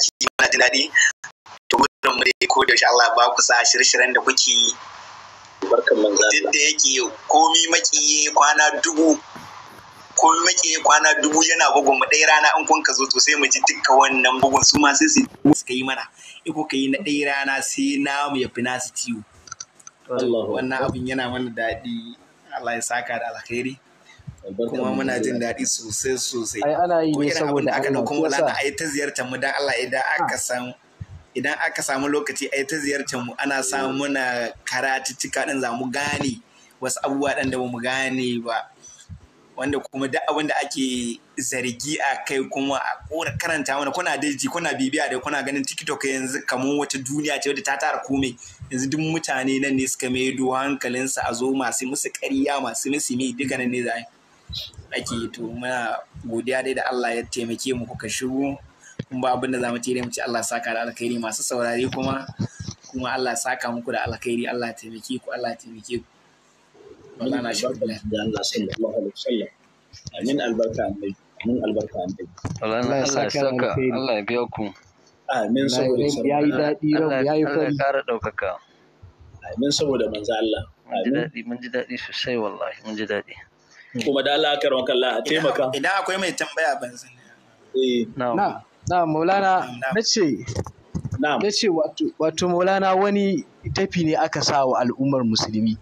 aiki muna jin daɗi to gudun mu dai ko da shi Allah ba ku sa shirye-shiryen da kuke yi barkan da yake komi makiye kwana dubu komi makiye kwana dubu yana bugun mu ɗaya rana in kun ka zo to sai mu ji dukkan wannan bugun su ma sai su suka yi mana in kuka na ɗaya rana sai na mu ya fi nasu ciwo wannan abin yana mana daɗi Allah ya saka da alkhairi kuma muna jin daɗi sosai sosai ai ana yi ne saboda aka dauko mulana ai ta ziyartar mu dan Allah idan ah. aka san idan aka samu lokaci ai ta ziyartar mu ana samu mm. muna karatuttuka din zamu gane wasu abubuwa dan da ba mu gane ba wanda kuma duk abin da ake zargi a kai kuma a kora karanta mana kuna daji kuna bibiya da kuna ganin tiktok yanzu kamar wata duniya ce wadda ta tara komai yanzu duk mutane nan ne suka maido hankalinsa a zo masu musu ƙarya masu musu mai duka nan ne za a yi ake yi to muna godiya dai da Allah ya taimake mu kuka shigo kun ba abin da za mu ce dai mu ci Allah saka da alkhairi masu saurare kuma kuma Allah saka muku da alkhairi Allah taimake ku Allah taimake ku Maulana Shukran Allah sallallahu alaihi wasallam amin albarka amin albarka Allah ya saka Allah ya biya ku amin saboda ya yi daɗi ya yi fari ƙara ɗaukaka amin saboda manzo Allah mun ji daɗi sosai wallahi mun ji daɗi kuma da Allah karon kalla a taimaka idan akwai mai tambaya ban san eh. na na maulana nace nace wato wato maulana wani tafi ne aka sa wa al'ummar musulmi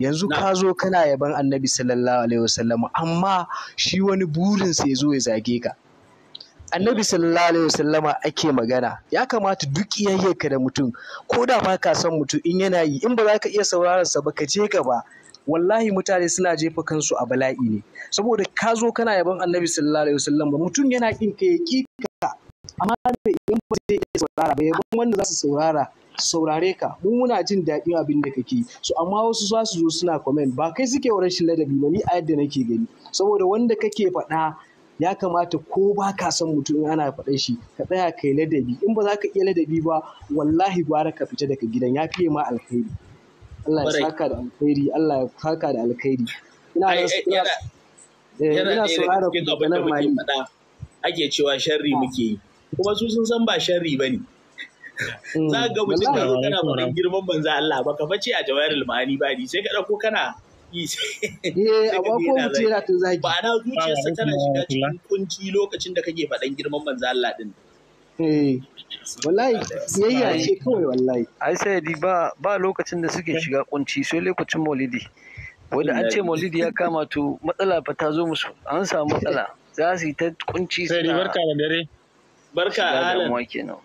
yanzu ka zo kana yaban annabi sallallahu alaihi wasallam amma shi wani burinsa ya zo ya zage ka annabi sallallahu alaihi wasallama ake magana ya kamata duk iyayyarka da mutum ko da ba ka son mutum in yana yi in ba za ka iya sauraron sa ba ka je ka ba wallahi mutane suna jefa kansu a bala'i ne saboda ka zo kana yaban annabi sallallahu alaihi wasallam ba mutum yana kin ka ya ki ka amma da idan ba zai iya saurara ba yaban wanda za su saurara saurare ka mu muna jin daɗin abin da kake so amma wasu za su zo suna comment ba kai suke wa rashin ladabi ba ni a yadda nake gani saboda wanda kake faɗa ya kamata ko ba ka son mutum in ana faɗa shi ka tsaya kai ladabi in ba za ka iya ladabi ba wallahi gwara ka fita daga gidan ya fiye ma alheri Allah ya saka da alkhairi Allah ya saka da alkhairi ina so saurara ku da nan mai ake cewa sharri ah. muke yi kuma su sun san ba sharri bane hmm, za ga mutum da zo kana faɗin girman banza Allah ba ka face a jawairul ma'ani ba ni sai ka ɗauko kana yi eh amma ko mutum yana to zagi ba na zuciyarsa tana shiga cikin kunci lokacin da kake faɗan girman banza Allah din Eh, wallahi siyayya ce kawai wallahi. Ai sai di ba ba lokacin da suke shiga kunci sai lokacin Maulidi. Wanda an ce Maulidi ya kama to matsala fa ta zo musu an samu matsala za su yi ta kunci suna. Sai barka da dare. Barka alan.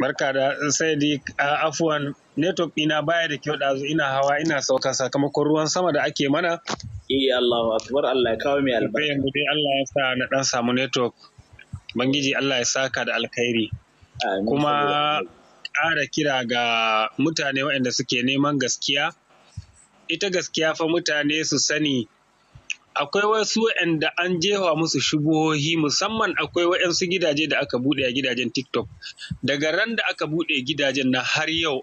Barka da sai di afuwan network ɗina baya da kyau ɗazu ina hawa ina sauka sakamakon ruwan sama da ake mana. Eh Allahu akbar Allah ya kawo mai albarka. Yanzu dai Allah ya sa na dan samu network. Bangiji Allah ya saka da alkhairi. Kuma ƙara kira ga mutane waɗanda suke neman gaskiya. Ita gaskiya fa mutane su sani akwai wasu waɗanda an jefa musu shubuhohi musamman akwai waɗansu gidaje da aka buɗe a gidajen TikTok. Daga ran da aka buɗe gidajen na har yau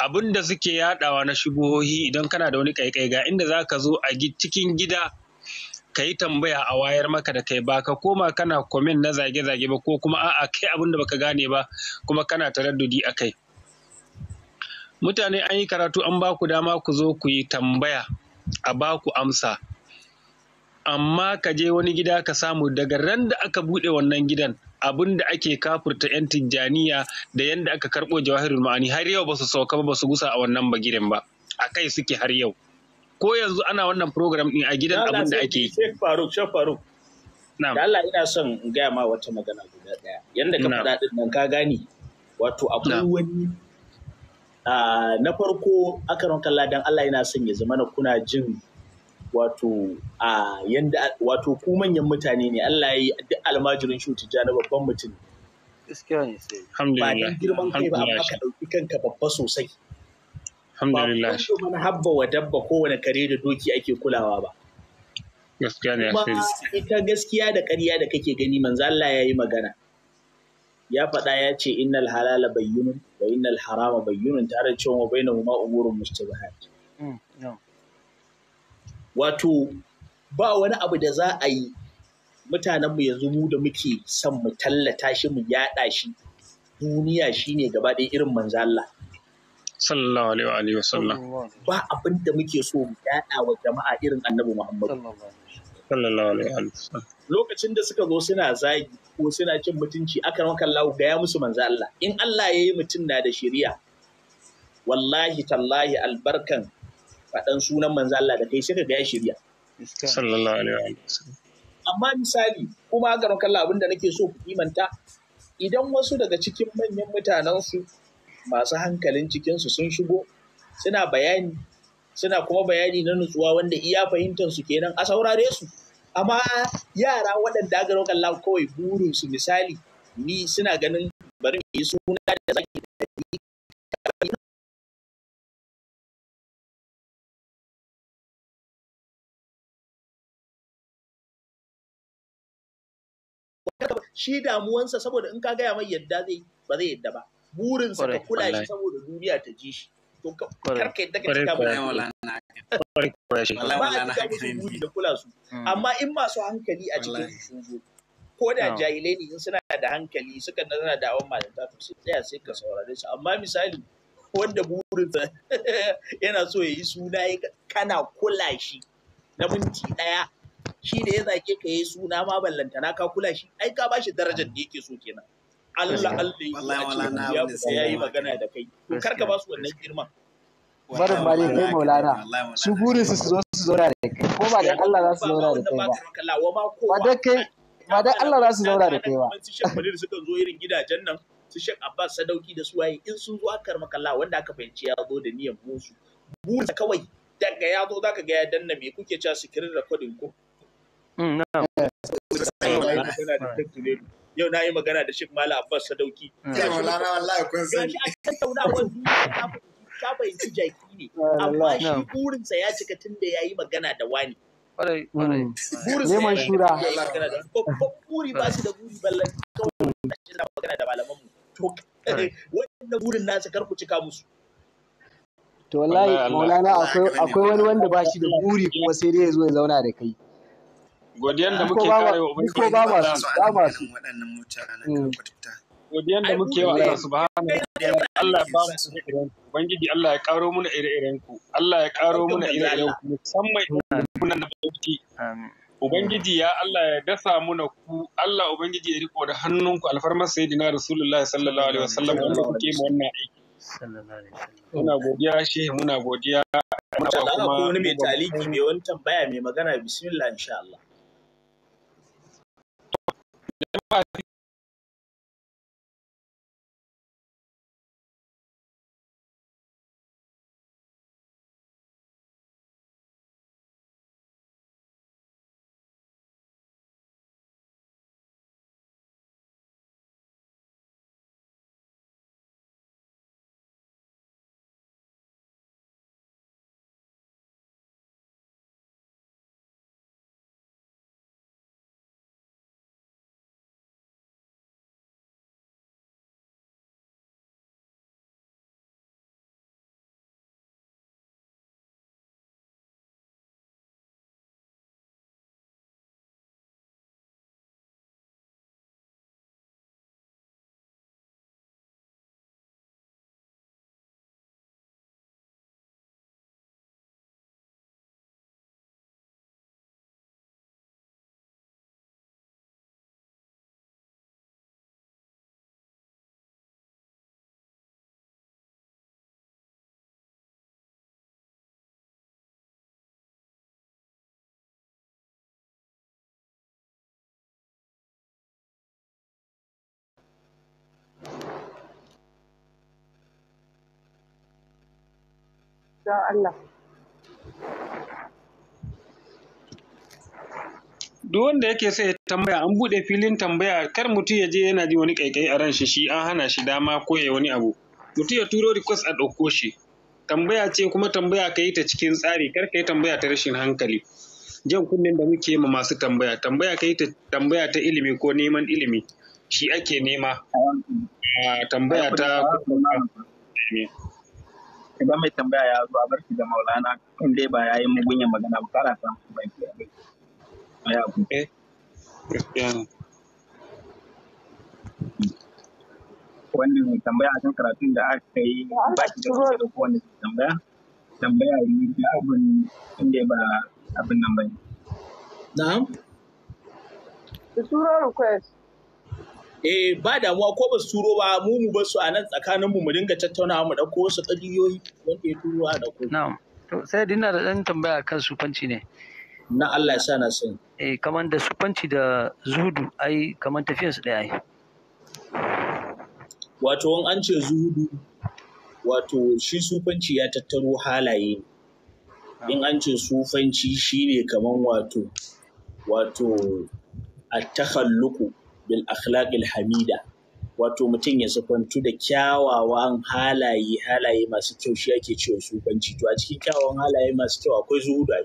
abin da suke yaɗawa na shubuhohi idan kana da wani ƙaiƙai ga inda za ka zo a cikin gida. ka yi tambaya a wayar maka da kai ba ka koma kana komen na zage-zage ba ko kuma a'a kai abin da baka gane ba kuma kana taraddudi a kai mutane an yi karatu an ba ku dama ku zo ku yi tambaya a ba ku amsa amma ka je wani gida ka samu daga ran da aka buɗe wannan gidan abin da ake kafurta 'yan tijjaniya da yadda aka karɓo jawahirul ma'ani har yau ba su sauka ba su gusa a wannan bagiren ba a kai suke har yau ko yanzu ana wannan program din a gidan abin da ake yi Sheikh Faruk Sheikh Faruk Na'am. Allah ina son in gaya ma wata magana guda daya yanda ka faɗa din nan ka gane wato akwai wani na farko akaron kalla dan Allah yana son ya zama na kuna jin wato a yanda wato ku manyan mutane ne Allah ya yi duk almajirin shi tijja na babban mutum gaskiya ne sai alhamdulillah ba girman kai ba amma ka dauki kanka babba sosai alhamdulillah ba habba wa dabba wani kare da doki ake kulawa ba gaskiya ne ita gaskiya da ƙarya da kake gani manzo Allah ya yi magana ya faɗa ya ce innal halala bayyinun wa innal harama bayyinun tare da cewa bainahuma umurun mustabahat mm, wato ba wani abu da za a yi mutanenmu yanzu mu da muke son mu tallata shi mu yaɗa shi duniya shine gaba ɗaya irin manzo Allah sallallahu alaihi wa wasallam ba abin da muke so mu yada wa jama'a irin annabi Muhammad sallallahu alaihi wa sallam lokacin da suka zo suna zagi ko suna cin mutunci aka ran kallahu ga ya musu manzo Allah in Allah yayi mutun na da shari'a wallahi tallahi albarkan fadan sunan manzo Allah da kai sai ka ga ya shari'a sallallahu alaihi wa sallam amma misali kuma ga ran kallahu abin da nake so ku imanta idan wasu daga cikin manyan mutanensu masu hankalin cikinsu sun shigo suna bayani suna kuma bayani na nutsuwa wanda iya fahimtar su kenan a saurare su amma yara waɗanda aka roƙa Allah kawai burin su misali ni suna ganin bari mu yi suna da zaki da shi damuwansa saboda in ka gaya mai yadda zai ba zai yadda ba burinsa ka kula shi saboda duniya ta ji shi to karka yadda ka cika ba da kula su mm. amma in masu hankali a cikin sun ko da jahilai ne in suna da hankali suka nana da awon malin sai tsaya sai ka saurare su amma misali wanda burinsa yana so ya yi suna kana kula shi na minti ɗaya shi ne ya zake ka yi suna ma ballantana ka kula shi ai ka shi darajar da yake so kenan Allah Allah ya ce ya yi magana da kai to kar ka ba su wannan girma barin ma dai kai maulana su burin su zo su zauna da kai ko ba da Allah za su zauna da kai ba ba da kai ba da Allah za su zauna da kai ba su shekwalir sukan zo irin gidajen nan su shek Abbas Sadauki da su waye in sun zo aka makalla wanda aka fahimci ya zo da niyyar musu burinsa kawai daga ya zo zaka ga ya danna me kuke cewa sikirin recording ko Mm, no. yau na yi magana da shi mala abbas sadauki ya hmm. maulana wallahi kun sani gashi a tattaunawar duniya ka fahimci jaki ne amma shi burinsa ya cika tun da ya yi magana da wani hmm. neman shura buri ba su da buri ballan kawai da magana da malaman mu to wannan burin nasa kar ku cika musu to wallahi maulana akwai wani wanda ba shi da buri kuma sai dai ya zo ya zauna da kai godiyan da muke kare wa ubangiji ko ba ma su ba ma su waɗannan mutanen godiyan da muke wa Allah subhanahu Allah ya ba mu ire-iren ubangiji Allah ya karo muna ire-iren ku Allah ya karo muna ire-iren ku musamman kunan da bauti Ubangiji ya Allah ya dasa muna ku Allah Ubangiji ya riko da hannunku alfarmar sayyidina Rasulullahi sallallahu alaihi wasallam wanda kuke mu wannan aiki Muna godiya shi, muna godiya. Muna kuma wani mai taliki mai wani tambaya mai magana bismillah insha Allah. uma don Allah duk wanda yake so ya tambaya an buɗe filin tambaya kar mutum ya je yana ji wani ƙaiƙayi a ran shi shi an hana shi dama ko ya wani abu mutum ya turo request a ɗauko shi tambaya ce kuma tambaya ka yi ta cikin tsari kar ka yi tambaya ta rashin hankali jan kunnen da muke ma masu tambaya tambaya ka yi ta tambaya ta ilimi ko neman ilimi shi ake nema ah, tambaya ta idan mai tambaya ya zo a barki da maulana in dai ba ya yi mugunyan magana ba kara samu bai ya ku eh mai tambaya a kan karatun da aka yi ba ki da wani wanda tambaya tambaya ne da abin in dai ba abin nan ba ne na'am the request eh ba damuwa ko ba su turo ba mu mu ba su a nan tsakanin mu mu dinga tattaunawa mu dauko wasu kadiyoyi wanda ya turo a dauko na'am to sai dina da dan tambaya kan sufanci ne na Allah ya sa na sani eh kaman da sufanci da zuhudu ai kaman tafiyar su ɗaya ai wato in an ce zuhudu wato shi sufanci ya tattaro halaye in an ce sufanci shine kaman wato wato a takhalluqu bil akhlaqil hamida wato mutum ya sakwantu da kyawawan halaye halaye masu kyau shi ake cewa banci to a cikin kyawawan halaye masu kyau akwai zuhuda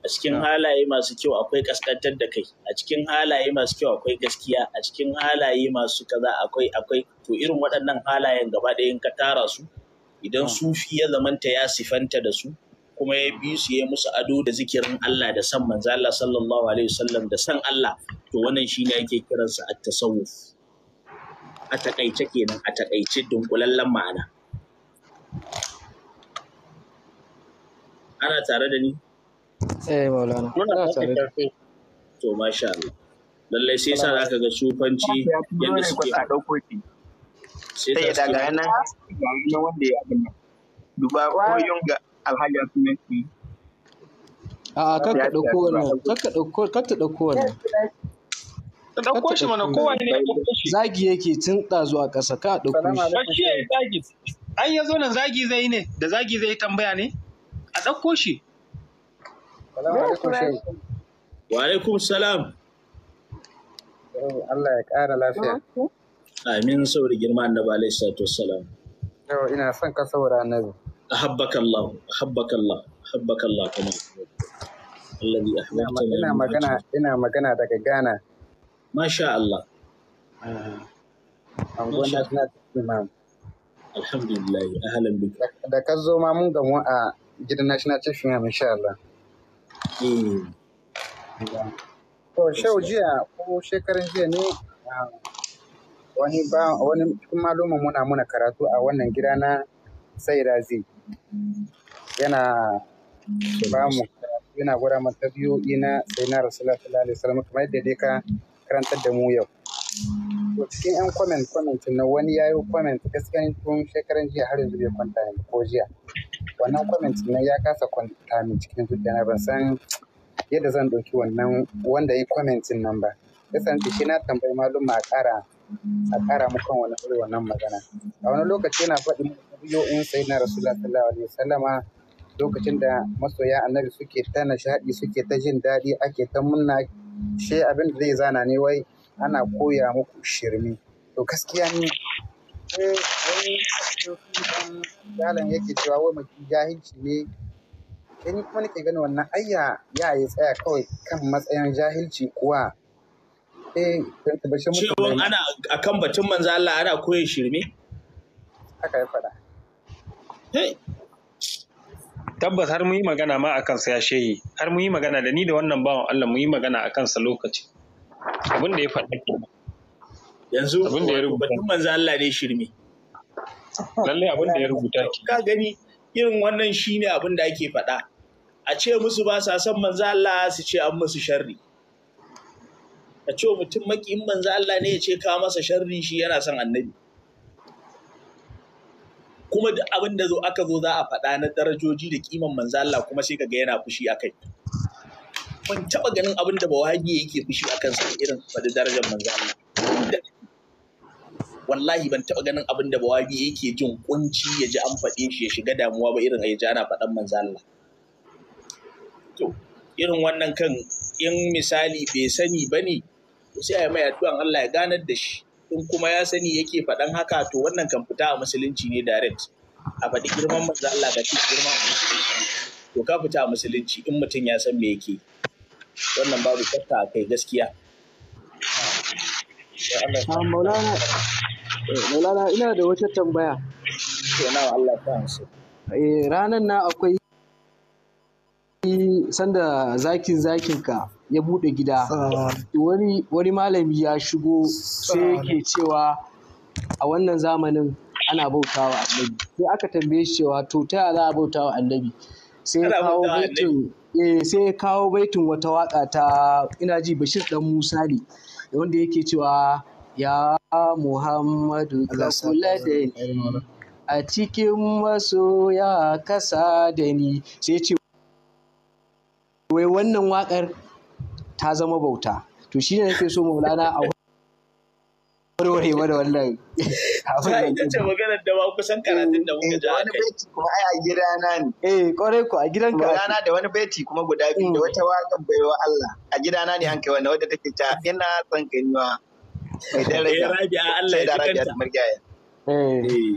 a cikin ah. halaye masu kyau akwai kaskantar da kai a cikin halaye masu kyau akwai gaskiya a cikin halaye masu kaza akwai akwai to irin waɗannan halayen gaba ɗaya in ka tara su idan ah. sufi ya zamanta ya sifanta da su kuma ya bi su ya musu ado da zikirin Allah da san manzo Allah sallallahu alaihi wasallam da san Allah to wannan shine ake kiransa at-tasawuf a takaice kenan a takaice dunkulallen ma'ana ana tare da ni eh maulana ana tare da to masha Allah lallai sai sa zaka ga sufanci yadda suke a sai da ga nan wanda ya abin duba koyon yunga alhaji asumenti A'a kar ka ɗauko wannan, kar ka ɗauko, kar ɗauko wannan. ɗauko shi mana kowane ne Zagi yake tun ɗazu a ƙasa, ka ɗauko shi. Ba shi ya zagi. An ya zo nan zagi zai ne, da zagi zai tambaya ne? A ɗauko shi. Wa alaikum salam. Allah ya ƙara lafiya. Amin saboda girma annabi alaihi salatu wassalam. Yau ina son ka saura annabi. أحبك الله أحبك الله أحبك الله كما الذي ina magana daga Gana. masha Allah da ka zo mun gamu a gidan national chief Allah to shau jiya ko shekaran jiya ne wani ba wani kuma muna muna karatu a wannan gida na sai razi yana ba mu yana gwada mu sai na rasu rasulullah sallallahu alaihi wasallam kamar yadda dai ka karantar da mu yau to cikin yan comment comment na wani yayi comment gaskiya tun shekaran jiya har yanzu bai kwanta ne ko jiya wannan comment na ya kasa kwanta min cikin zuciya na ban san yadda zan ɗauki wannan wanda ya comment nan ba kasance shi na tambayi malum ma ƙara a ƙara mukan wani irin wannan magana a wani lokaci yana faɗi yo'in sai na rasulullah sallallahu alaihi wasallama lokacin da masoya annabi suke ta nishaɗi suke ta jin daɗi ake ta munna she abin da zai zana ne wai ana koya muku shirmi to gaskiya ne eh, yalan yake cewa wai mafi jahilci ne in kuma nake ganin wannan ayya ya yi tsaya kawai kan matsayin jahilci kuwa Eh, cewa ana batun manzo Allah ana koyi shirme haka ya faɗa tabbas har muyi yi magana ma akan sa ya shehi har muyi yi magana da ni da wannan bawan Allah muyi yi magana akan sa lokaci abin da ya faɗa yanzu abin da ya rubuta batun manzo Allah ne shirme lalle abin da ya rubuta ki ka gani irin wannan shine abin da ake faɗa a ce musu ba sa son manzo Allah su ce an musu sharri ka ce mutum makiyin manzo Allah ne ya ce ka masa sharri shi yana son annabi kuma duk abin da zo aka zo za a faɗa na darajoji da kiman manzo Allah kuma sai kaga yana fushi akai ban taba ganin abin da bawahabi yake fushi akan sa irin faɗi darajar manzo Allah wallahi ban taba ganin abin da bawahabi yake jin kunci ya ji an faɗe shi ya shiga damuwa ba irin a jana faɗan manzo Allah to irin wannan kan in misali bai sani bane to sai a yi mai addu'an Allah ya ganar da shi in kuma ya sani yake faɗan haka to wannan kan fita a musulunci ne direct a faɗi girman manzo Allah ka ci girman to ka fita a musulunci in mutum ya san me yake wannan babu tsafta a kai gaskiya ah, Maulana, Maulana ina da wata tambaya. Eh, Ranar na akwai sanda zakin zakin ka ya bude gida wani malami ya shigo sai yake cewa a wannan zamanin ana bautawa annabi sai aka tambaye shi cewa to ta za a bautawa annabi eh, sai ya kawo baitin sai kawo baitin wata waka ta ina ji Bashir dan Musa ne wanda yake cewa ya Muhammadu ka kula da ni a cikin masoya kasa da ni sai ce wai wannan waƙar ta zama bauta to shi ne nake so maulana a warware mana wannan abin da ce maganar da ba kusan karatun da muka ji eh, wani baiti kuma ai a gidana ne eh kwarai ku a gidan ka gidana da wani baiti kuma guda biyu da mm. wata waƙar baiwa Allah a gidana ne an kai wannan wadda take ta ina son ganuwa mai daraja eh, rabi'a Allah ya rabi'a eh, eh.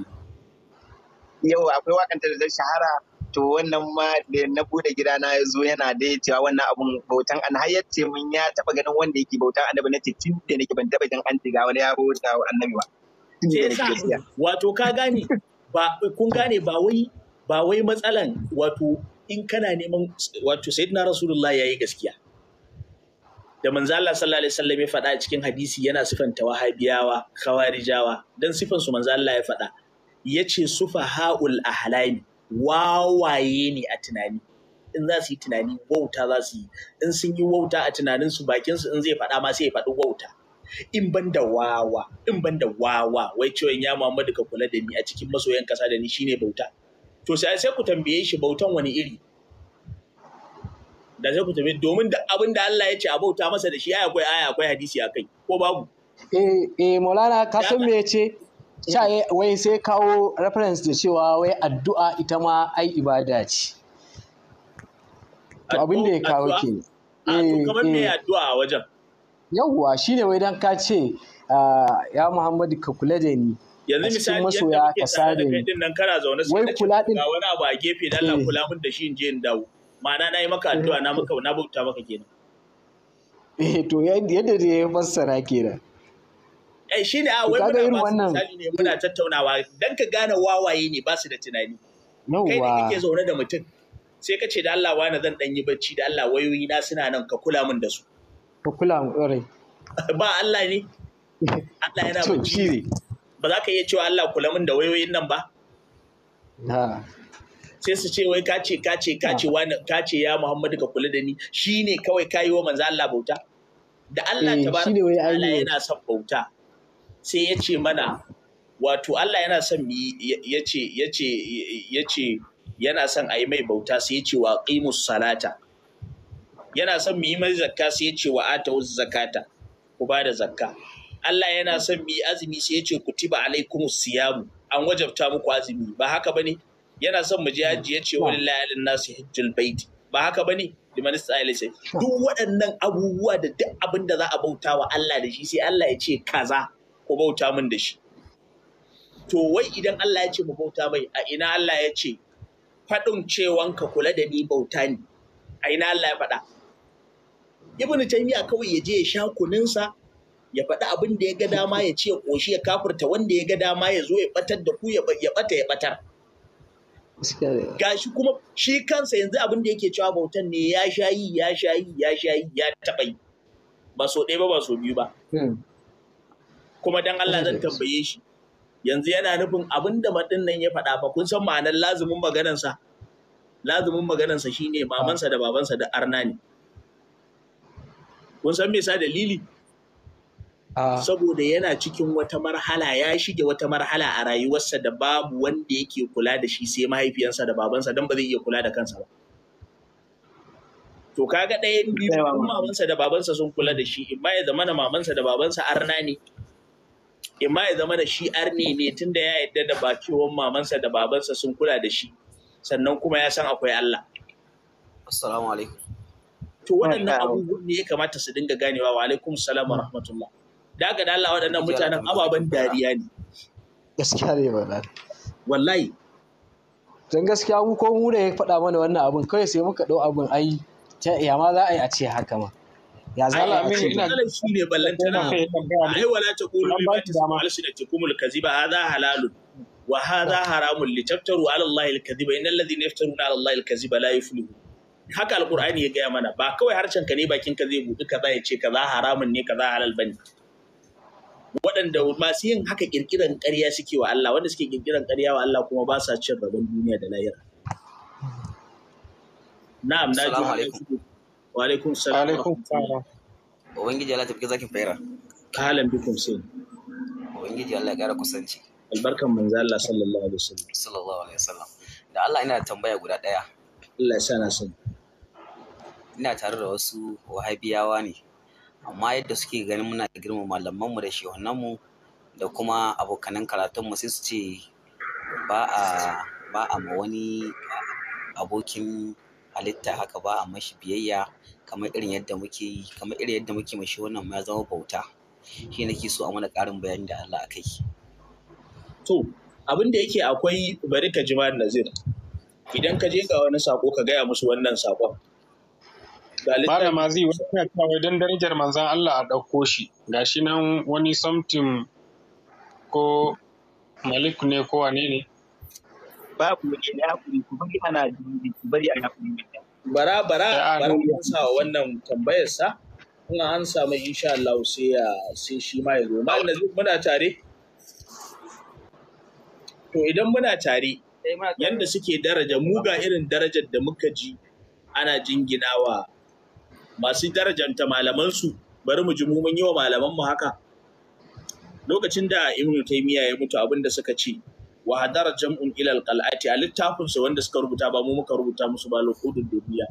yau akwai waƙar da zai shahara to wannan ma da na bude gida na yazo yana da cewa wannan abun bautan an hayyace mun ya taba ganin wanda yake bautan annabi na tun da nake ban taba jin an tiga wani ya da annabi ba wato ka gane ba kun gane ba wai ba wai matsalan wato in kana neman wato sayyidina rasulullahi yayi gaskiya da manzo Allah sallallahu alaihi wasallam ya faɗa a cikin hadisi yana sifanta wahabiyawa khawarijawa dan sifan su manzo Allah ya faɗa yace sufa haul ahlami wawaye ne a tunani in za su yi tunani wauta za su yi in sun yi wauta a tunaninsu bakinsu in zai faɗa ma sai ya faɗi wauta in ban da wawa in ban da wawa wai cewa ya Muhammadu ka kula da ni a cikin masoyan kasa da ni shine bauta to sai sai ku tambaye shi bautan wani iri da sai ku tambaye domin da abin da Allah ya ce a bauta masa da shi ai akwai aya akwai hadisi akai ko babu eh eh Maulana ka san me ce sha wai sai kawo reference da cewa wai addu'a ita ma ai ibada ce to abin da ya kawo ke eh, kamar me eh. addu'a a wajen yawwa shine wai dan ka ce ah, ya Muhammadu ka kula da ni yanzu misali yadda masoya ka sare ni din nan kana zaune sai ka kula din ga wani abu a gefe da Allah eh. kula mun da shi in je in dawo ma'ana nayi maka addu'a na maka na bauta maka kenan eh to yadda da ya fassara kenan Eh, shi ne a ah, wai muna basu misali ne muna tattaunawa dan ka gane wawaye ne ba su da tunani kai ne kake zaune da mutum sai ka ce da Allah wani zan dan yi bacci da Allah wayoyi na suna nan ka kula min da su ka kula min ƙwarai ba Allah ne Allah yana bacci ba za ka iya cewa Allah kula min da wayoyin nan ba sai su ce wai ka ce, ka ce, wani ce, ya Muhammadu ka kula da ni shine kawai kayi wa manzo Allah bauta da Allah eh, tabaraka yana son bauta sai ya ce mana wato Allah yana son ya ce ya ce yana son a yi mai bauta sai ya ce wa ƙimus salata yana son mu yi mai zakka sai ya ce wa wasu zakata ku ba da zakka Allah yana son mu yi azumi sai ya ce ku kutiba alaikum siyamu an wajabta muku azumi ba haka ba ne? yana son mu je ya ce wani layalin nasu hijjul baiti ba haka bane liman ya duk waɗannan abubuwa da duk abin da za a bauta wa Allah da shi sai Allah ya ce kaza ku bauta min da shi to wai idan Allah ya ce mu bauta mai a ina Allah ya ce faɗin cewan ka kula da ni bauta ne? a ina Allah ya faɗa ibn taymiya kawai ya je ya sha kuninsa ya faɗi abin da ya ga dama ya ce ƙoshi ya kafirta wanda ya ga dama ya zo ya ɓatar da ku ya ɓata ya ɓatar gashi kuma shi kansa yanzu abin da yake cewa bautan ne ya shayi, yi ya sha ya sha ya taɓa yi ba so ɗaya ba ba so biyu ba hmm. kuma dan Allah zan tambaye shi yanzu yana nufin abin da madin nan ya faɗa fa kun san ma'anar lazumin maganansa lazumin maganansa shine mamansa da babansa da arna ne kun san me sa dalili saboda yana cikin wata marhala ya shige wata marhala a rayuwarsa da babu wanda yake kula da shi sai mahaifiyansa da babansa don ba zai iya kula da kansa ba to kaga ɗayan biyu mamansa da babansa sun kula da shi in ba ya zamana mamansa da babansa arna ne in ya zama da shi arni ne tunda ya yadda da bakewan mamansa da babansa sun kula da shi sannan kuma ya san akwai Allah assalamu alaikum to waɗannan abubuwan ne ya kamata su dinga ganewa wa alaikum salam wa rahmatullah da ga Allah waɗannan mutanen ababen dariya ne gaskiya ne wallahi wallahi don gaskiya mu ko mu da ya faɗa mana wannan abin kawai sai muka ɗau abin ai ta iya ma za a yi a ce haka ma ya za a ce ina shi ne ballantana ai wala ta qulu bi tasma alsinatukum alkaziba hadha halalun wa hadha haramun litaftaru ala allahi alkaziba innal ladhina yaftaruna ala allahi alkaziba la yuflihun haka alqur'ani ya gaya mana ba kawai harshen ka ne bakin ka zai buɗi kaza ya ce kaza haramun ne kaza halal bane waɗanda masu yin haka ƙirƙiran ƙarya suke wa Allah wanda suke ƙirƙiran ƙarya wa Allah kuma ba sa cin rabon duniya da lahira na'am na ji wa salam alaikum salam ubangiji Allah tafi zakin faira kalan bikum sai ubangiji Allah ya kara kusanci albarkan manzo Allah sallallahu alaihi wasallam sallallahu alaihi wasallam da Allah ina tambaya guda daya Allah ya sa na ina tare da wasu wahabiyawa ne amma yadda suke ganin muna girma malamanmu da shehunanmu da kuma abokanan karatunmu sai su ce ba a ba a ma wani abokin halitta haka ba a mashi biyayya kamar irin yadda muke yi kamar irin yadda muke mashi wannan ma zama bauta shi nake so a mana ƙarin bayani da Allah akai to abin da yake akwai bari ka ji nazir idan ka je ga wani sako ka gaya musu wannan sakon ma zai wani na cewa don darajar manzan Allah a ɗauko shi gashi nan wani something ko malik ne ko wane ne babu wani ya haƙuri ku bari ana dubi ku bari a haƙuri bara bara bara mun sa wannan tambayar sa in an samu insha Allah sai ya sai shi ma ya zo malam muna tare to idan muna tare eh, yanda suke daraja muga irin darajar da muka ji ana jinginawa masu darajanta malamansu bari mu ji mu mun yi wa malamanmu haka lokacin da ibnu taymiya ya mutu abin da suka ce wa hadara jam'un ila alqal'ati a littafin su wanda suka rubuta ba mu muka rubuta musu ba lokudin dubiya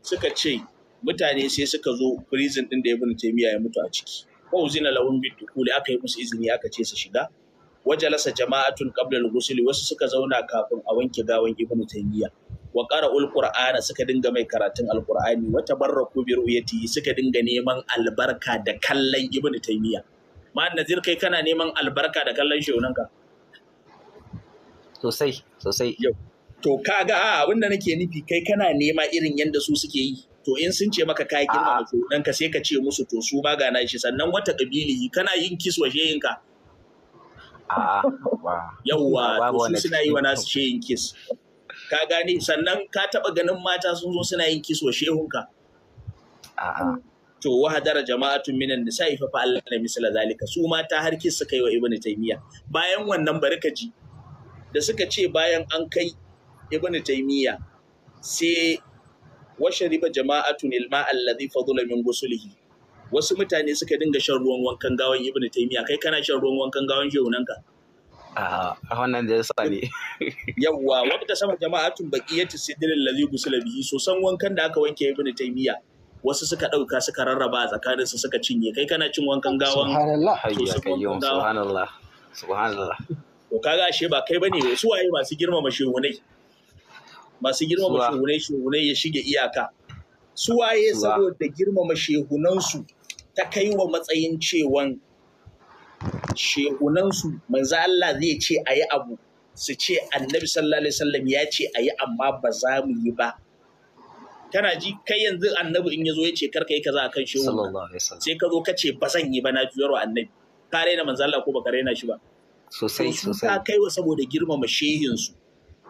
suka ce mutane sai suka zo prison din da ibn taymiya ya mutu a ciki ko uzina lahum bidukuli aka yi musu izini aka ce su shiga wajalasa jama'atun qabla al-ghusl wasu suka zauna kafin a wanke gawan ibn taymiya wa qara'ul qur'ana suka dinga mai karatun alqur'ani wa tabarraku bi ru'yati suka dinga neman albarka da kallon ibn taymiya ma nazir kai kana neman albarka da kallon ka sosai sosai yau to kaga a abin da nake nufi kai kana nema irin yanda su suke yi to in sun ce maka kai girma su dan ka sai ka ce musu to su ma gana shi sannan wata kabili kana yin kiswa shehin ka yawwa to su suna yi wa nasu shehin kis ka gane sannan ka taba ganin mata sun zo suna yin kiswa shehun ka to wa hadara jama'atun minan ifa fa na misla zalika su mata har kis suka yi wa ibnu taymiya bayan wannan barkaji ji da suka ce bayan an kai ibn Taimiyya sai riba jama'atun ilma alladhi fadula min gusulihi wasu mutane suka dinga shan ruwan wankan gawan ibn Taimiyya. kai kana shan ruwan wankan gawan ka a wannan da yasa ne yawwa wanda sama jama'atun baqiyatu sidril ladhi gusula bihi so san wankan da aka wanke ibn Taimiyya. wasu suka ɗauka suka rarraba a tsakanin su suka cinye kai kana cin wankan gawan subhanallah subhanallah subhanallah to kaga ashe ba kai bane su waye masu girmama shugunai. masu girmama shugunai shugunai ya shige iyaka su waye saboda girmama shehunansu ta kai wa matsayin cewan shehunansu manzo Allah zai ce a yi abu su ce annabi sallallahu alaihi wasallam ya ce a yi amma ba za mu yi ba kana ji kai yanzu annabi in yazo zo ya ce kar ka yi kaza akan shehu sai ka zo ka ce ba zan yi ba na juyarwa annabi ka raina manzo Allah ko ba ka raina shi ba sosai sosai ta kaiwa saboda girmama shehin su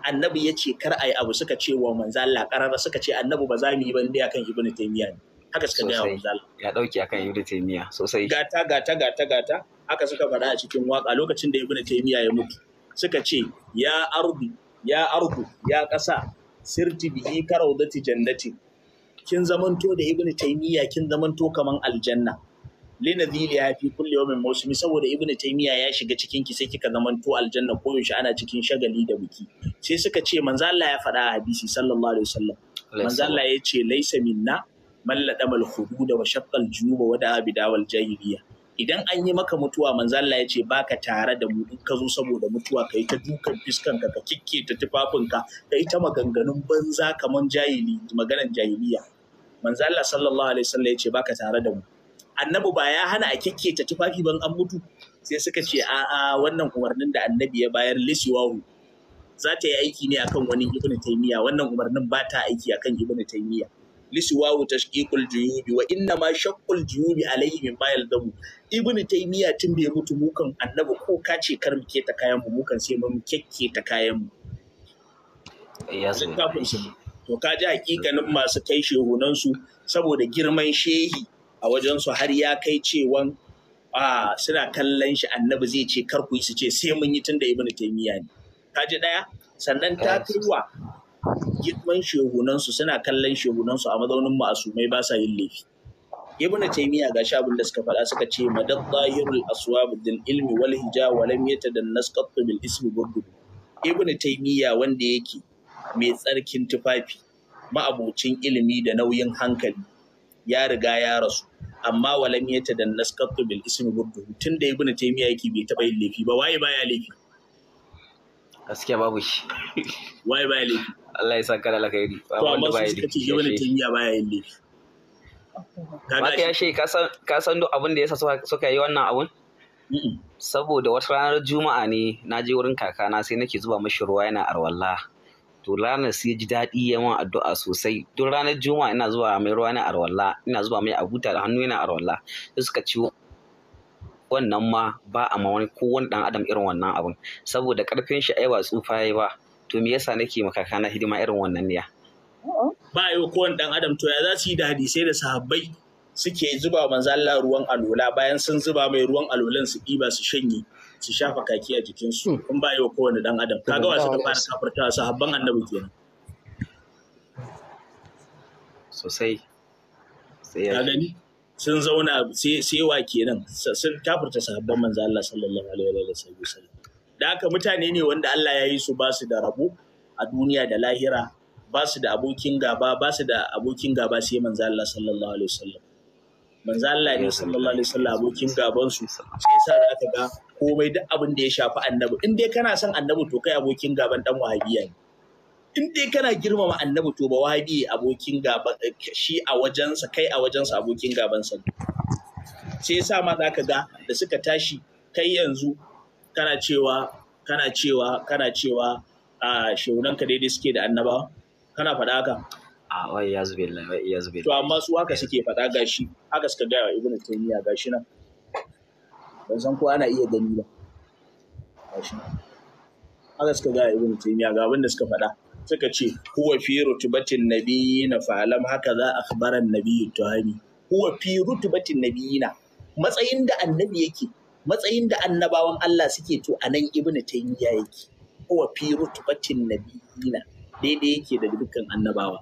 annabi ya ce kar a yi abu suka ce wa manzo Allah karara suka ce annabi ba za mu yi ba dai akan ibnu taymiya ne haka suka ga manzo Allah ya dauki akan ibnu taymiya sosai gata gata gata gata haka suka faɗa a cikin waka lokacin da ibnu taymiya ya mutu suka ce ya ardu ya ardu ya ƙasa sirti bihi karaudati jannati kin zamanto da ibnu taymiya kin zamanto kaman aljanna ya fi kulle yawmin mawsimi saboda ibnu taymiya ya shiga cikin ki sai kika zamanto aljanna ko yaushe ana cikin shagali da biki sai suka ce manzo Allah ya faɗa a hadisi sallallahu alaihi wasallam manzo Allah ya ce laysa minna man ladama da hudud wa shaqqa al-junuba wa da'a dawal jahiliya idan an yi maka mutuwa manzo Allah ya ce baka tare da mu in ka zo saboda mutuwa kai ta dukan fiskan ka ka kikke ta ka kai ta maganganun banza kaman jahili maganan jahiliya manzo Allah sallallahu alaihi wasallam ya ce baka tare da mu annabi ba ya hana a kekkece tufafi ban an mutu sai suka ce a'a wannan umarnin da annabi ya bayar lishiwahu za ta yi aiki ne akan wani ibnu taymiya wannan umarnin ba ta aiki akan ibnu taymiya lishiwahu tashqiqul juyubi wa inna ma shaqqul juyubi alayhi min bayal damu ibnu taymiya tun bai mutu mukan annabi ko ka ce kar mu keta kayan mu mukan sai mun ta kayan mu eh, ya sun to ka ji hakikanin masu kai su saboda girman shehi a wajensu har ya kai cewan a suna kallon shi annabi zai ce kar ku yi su ce sai mun yi tun da ibnu taymiya ne ji daya sannan ta kaiwa girman shehunansu suna kallon shehunansu a mazaunin ma'asumai ba sa yin laifi ibnu taymiya ga shabul da suka fada suka ce madad zahirul aswab dil ilmi wal hija wa lam yatadannas qat bil ismi burdu ibnu taymiya wanda yake mai tsarkin tufafi ma'abocin ilimi da nauyin hankali ya riga ya rasu amma walam ya ta dannas kattu bil ismi burdu tun da ibnu taymiya yake bai taba yin laifi ba waye baya laifi gaskiya babu shi waye baya laifi Allah ya saka da alkhairi to amma su suka ibnu taymiya baya yin laifi Maka ya shi ka san duk abin da ya sa suka yi wannan abun? Saboda wata ranar Juma'a ne na je wurin kakana sai nake zuba mashi ruwa yana arwalla. to ranar sai ji daɗi yawan addu'a sosai duk ranar juma'a ina zuwa mai ruwa na arwalla ina zuwa mai abuta da hannu yana arwalla sai suka ci wannan ma ba a ma wani wani ɗan adam irin wannan abin saboda karfin shi ai ba tsufa yayi ba to me yasa nake makaka na hidima irin wannan ne ya ba yi wani ɗan adam to ya za su yi da hadisai da sahabbai suke zuba manzalla ruwan alola bayan sun zuba mai ruwan alolan su ɗiba su shanye su shafa kaki a jikinsu hmm. in ba yau kowane dan adam kaga wasu da fara su habban annabi kenan sosai sai ya gani sun zauna sai wa kenan sun su habban manzo Allah sallallahu alaihi wa sallam da haka mutane ne wanda Allah ya yi su ba su da rabo a duniya da lahira ba su da abokin gaba ba su da abokin gaba sai manzo Allah sallallahu alaihi wa sallam manzo Allah ne sallallahu alaihi wa sallam abokin gaban su sai sa da aka ga komai duk abin da ya shafi annabi in dai kana son annabi to kai abokin gaban dan wahabiya ne in dai kana girmama annabi to ba wahabi abokin gaba shi a wajensa kai a wajensa abokin sa sai yasa ma za ka ga da suka tashi kai yanzu kana cewa kana cewa kana cewa a ka daidai suke da annaba kana faɗa haka a wai ya zube wai ya zube to amma su haka suke faɗa gashi haka suka gaya wa ibnu taymiya gashi nan ban san ko ana iya gani ba haka suka ga ibn taymiya ga abin da suka faɗa suka ce huwa fi rutubatin nabiyina fa alam haka za a akhbaran nabiyyu tuhani huwa fi rutubatin nabiyina matsayin da annabi yake matsayin da annabawan Allah suke to anan ibn taymiya yake huwa fi rutubatin nabiyina daidai yake da dukkan annabawa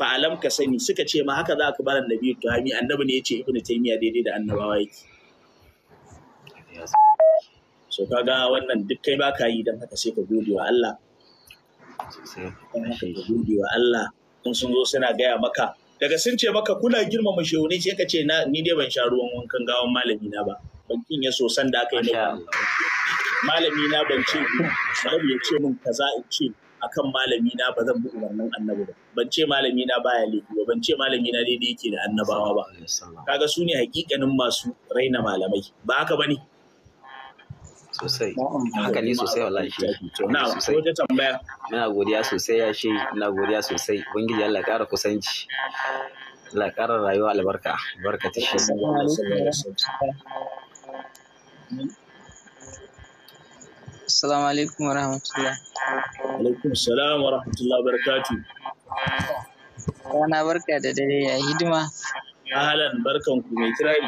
Faalam ka sani suka ce ma haka za ka akhbaran nabiyyu tuhani annabi ne yace ibn taymiya daidai da annabawa yake so kaga wannan duk kai baka yi don haka sai ka gode wa Allah ka gode wa Allah in sun zo suna gaya maka daga sun ce maka kuna girmama ne sai ka ce na ni dai ban sha ruwan wankan gawan malami na ba bankin ya so san da aka yi malami na ban ce malami ya ce min kaza in ce akan malami na ba zan bi wannan annabi ba ban ce malami na baya laifi ba ban ce malami na daidai yake da annabawa ba kaga su ne hakikanin masu raina malamai ba haka bane sosai hankali sosai wallahi shi sosai ina godiya sosai ya shi ina godiya sosai ubangiji Allah kara kusanci Allah kara rayuwa albarka barka ta shi Assalamu alaikum wa rahmatullah. Alaikum salam wa rahmatullah barakatu. Rana barka da dare ya hidima. Ahalan barkan ku mai kirari.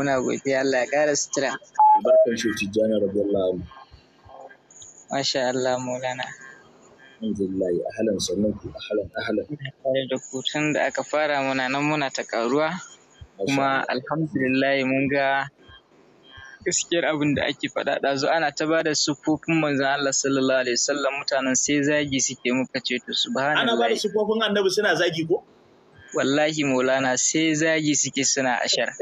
muna godiya Allah ya ƙara sutura barkan shi tijjani radiyallahu masha Allah maulana alhamdulillah ahlan sannan ku ahlan ahlan tare da ku tun da aka fara muna nan muna ta karuwa kuma alhamdulillah mun ga gaskiyar abin da ake faɗa zuwa ana ta bada sufofin siffofin manzon Allah sallallahu alaihi wasallam mutanen sai zagi suke muka ce to subhanallah ana bada sufofin annabi suna zagi ko wallahi maulana sai zagi suke suna ashar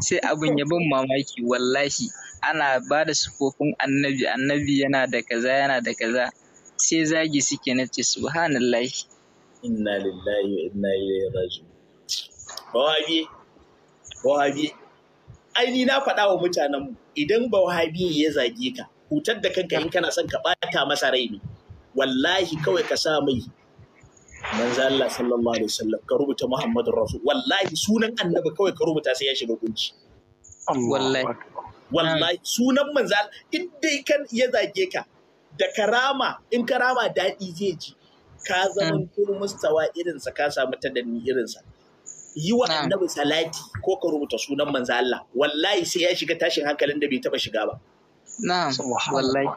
sai abin ya bin mamaki wallahi ana ba da sufofin annabi annabi yana da kaza yana da kaza sai zagi suke na ce subhanallahi inna lillahi wa inna ilaihi raji bawabi bawabi ai ni na faɗa wa mutanen mu idan bawabi ya zage ka hutar da kanka in kana son ka ɓata masa rai ne wallahi kawai ka sa mai manzo Allah sallallahu alaihi wasallam ka rubuta Muhammadur Rasul wallahi sunan annabi kawai ka rubuta sai ya shiga kunci wallahi wallahi sunan manzo in dai kan ya zage ka da karama in karama daɗi zai ji ka zama hmm. kun mustawa irinsa ka samu tadanni irinsa yi wa hmm. annabi salati ko ka rubuta sunan manzo Allah wallahi sai ya shiga tashin hankalin da bai taba shiga ba na'am wallahi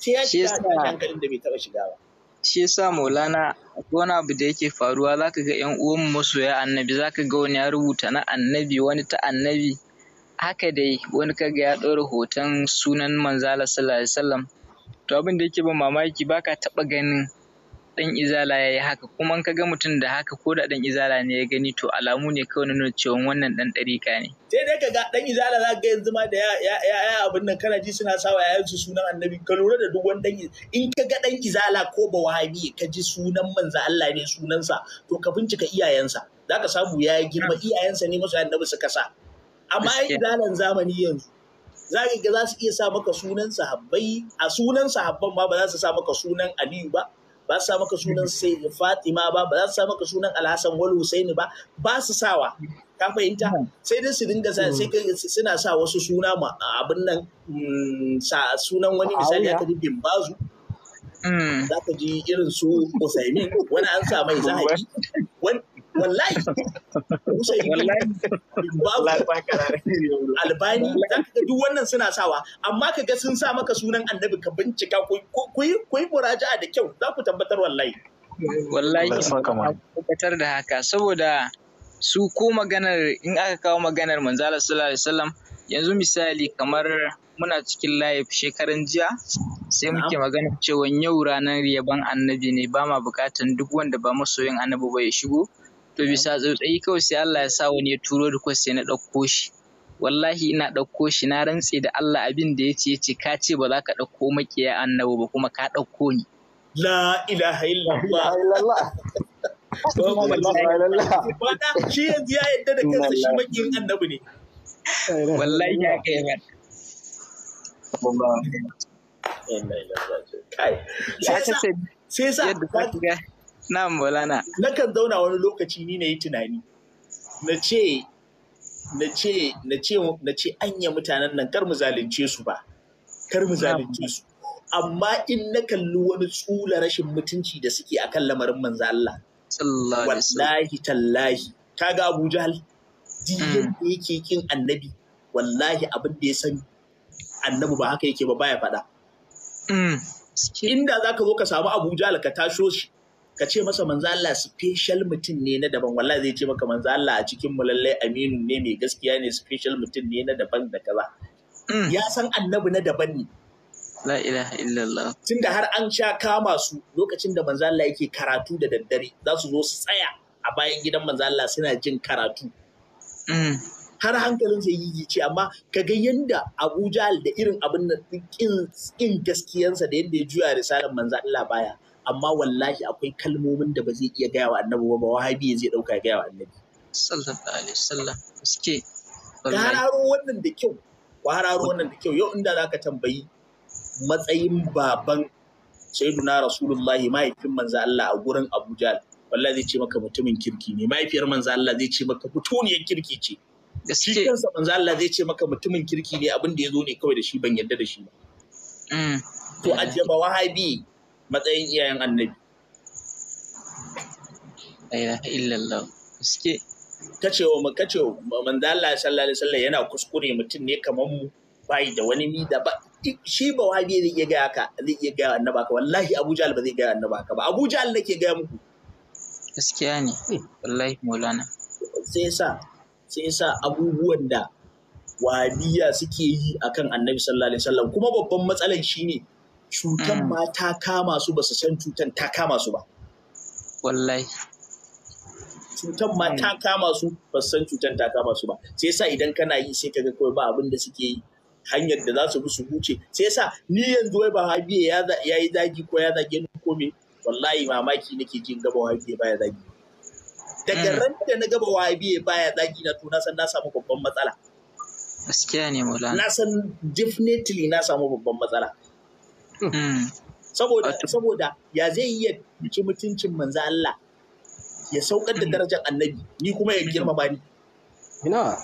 sai ya shiga tashin hankalin da bai taba shiga ba shi yasa maulana wani abu da yake faruwa za ka ga yan uwan masoya annabi za ka ga wani ya rubuta na annabi wani ta annabi haka dai wani kaga ya ɗora hoton sunan manzala sallallahu alaihi wasallam to abin da yake ban mamaki baka taɓa ganin dan izala ya yi haka kuma ka ga mutum da haka ko da dan izala ne ya gani to alamu ne kawai na nuna cewa wannan dan ɗarika ne. sai dai ka ga dan izala za ka yanzu ma da ya ya abin nan kana ji suna sawa yayansu su sunan annabi ka lura da duk wani dan in ka ga dan izala ko ba wahabi ka ji sunan manzo Allah ne sunansa to ka bincika iyayensa za ka samu ya yi girma iyayensa ne masu annabi suka sa amma izalan zamani yanzu za ka ga za su iya sa maka sunan sahabbai a sunan sahabban ma ba za su sa maka sunan Aliyu ba ba su sa maka sunan sai Fatima ba ba su sa maka sunan Alhassan wal Husaini ba ba su sawa ka fahimta hmm. sai dai su dinga sa hmm. sai suna sa wasu suna ma abin nan mm, sa sunan wani misali aka ji Bimbazu hmm. za ka ji irin su Usaimin wani an sa mai zahabi wallahi albani za ka ga duk wannan suna sawa amma ka ga sun sa maka sunan annabi ka bincika ku yi muraja'a da kyau za ku tabbatar wallahi wallahi tabbatar da haka saboda su ko maganar in aka kawo maganar manzala sallallahu alaihi wasallam yanzu misali kamar muna cikin live shekaran jiya sai muke magana cewa yau ranar yaban annabi ne ba ma bukatan duk wanda ba masoyin annabi ba ya shigo to bisa tsautsayi kawai sai Allah ya sa wani ya turo request sai na ɗauko shi wallahi ina ɗauko shi na rantse da Allah abin da ya ce ce ka ce ba za ka ɗauko makiya annabi ba kuma ka ɗauko ni. La ilaha illallah. Ba Shi yanzu ya yadda da kansa shi makiyin annabi ne. Wallahi ya kai ba. Sai sai na'am bolana nakan zauna wani lokaci ni na yi tunani na ce na ce na ce na ce anya mutanen nan kar mu zalunce su ba kar mu zalunce su amma in na kalli wani tsula rashin mutunci da suke a kan lamarin manzo Allah wallahi tallahi kaga Abu Jahl? diyan mm. da yake kin annabi wallahi abin da ya sani annabi ba haka yake ba baya faɗa mm. inda za ka zo ka samu Abuja Jahal ka tasho shi ka ce masa manzo Allah special mutum ne na daban wallahi zai ce maka manzo Allah a cikin mu aminu ne mai gaskiya ne special mutum ne na daban da kaza mm. ya san annabi na daban ne la ilaha illallah tunda har an sha kama su lokacin da manzo Allah yake karatu da daddare za su zo su tsaya a bayan gidan manzo Allah suna jin karatu mm. har hankalin sai yi ce amma ka ga yanda Abu da irin abin nan kin gaskiyansa da yanda ya juya risalar manzo Allah baya amma wallahi akwai kalmomin da ba zai iya gaya wa annabi ba wahabi zai dauka ya gaya wa annabi sallallahu alaihi wasallam suke gararo wannan da kyau gararo wannan da kyau yau inda zaka tambayi matsayin baban sayyiduna rasulullahi mahaifin manzo Allah a gurin Abuja wallahi zai ce maka mutumin kirki ne mahaifiyar manzo Allah zai ce maka mutuniyar kirki ce gaskiya kansa manzo Allah zai ce maka mutumin kirki ne abin da ya zo ne kawai da shi ban yadda da shi ba mm. to ajaba wahabi matsayin iyayen annabi ilaha illallah suke wa mu kacewa manzo Allah sallallahu alaihi wasallam yana kuskure mutum ne kamar mu bai da wani mi da ba shi ba wabi zai iya gaya ka zai iya gaya annaba ka wallahi Abu Jahl ba zai gaya annaba ka ba Abu Jahl nake gaya muku gaskiya ne wallahi maulana sai sa sai sa abubuwan da wabiya suke yi akan annabi sallallahu alaihi wasallam kuma babban matsalan shine cutan mm. ma ta kama su ba su san cutan ta kama su ba Wallai. cutan ma ta mm. kama su ba su san cutan ta kama su ba sai yasa idan kana yi sai kaga kawai ba abin da suke yi hanyar da za su bi su huce sai yasa ni yanzu wai ba habiye ya yi zagi ko ya zage ni ko me wallahi mamaki nake jin gaba habiye baya zagi daga mm. ran da na gaba habiye baya zagi na to na san na samu babban matsala gaskiya ne maulana na san definitely na samu babban matsala Hmm. Hmm. saboda ya zai yi ya ci mutuncin manzo Allah ya saukar da hmm. darajar annabi ni kuma ya ba ni ina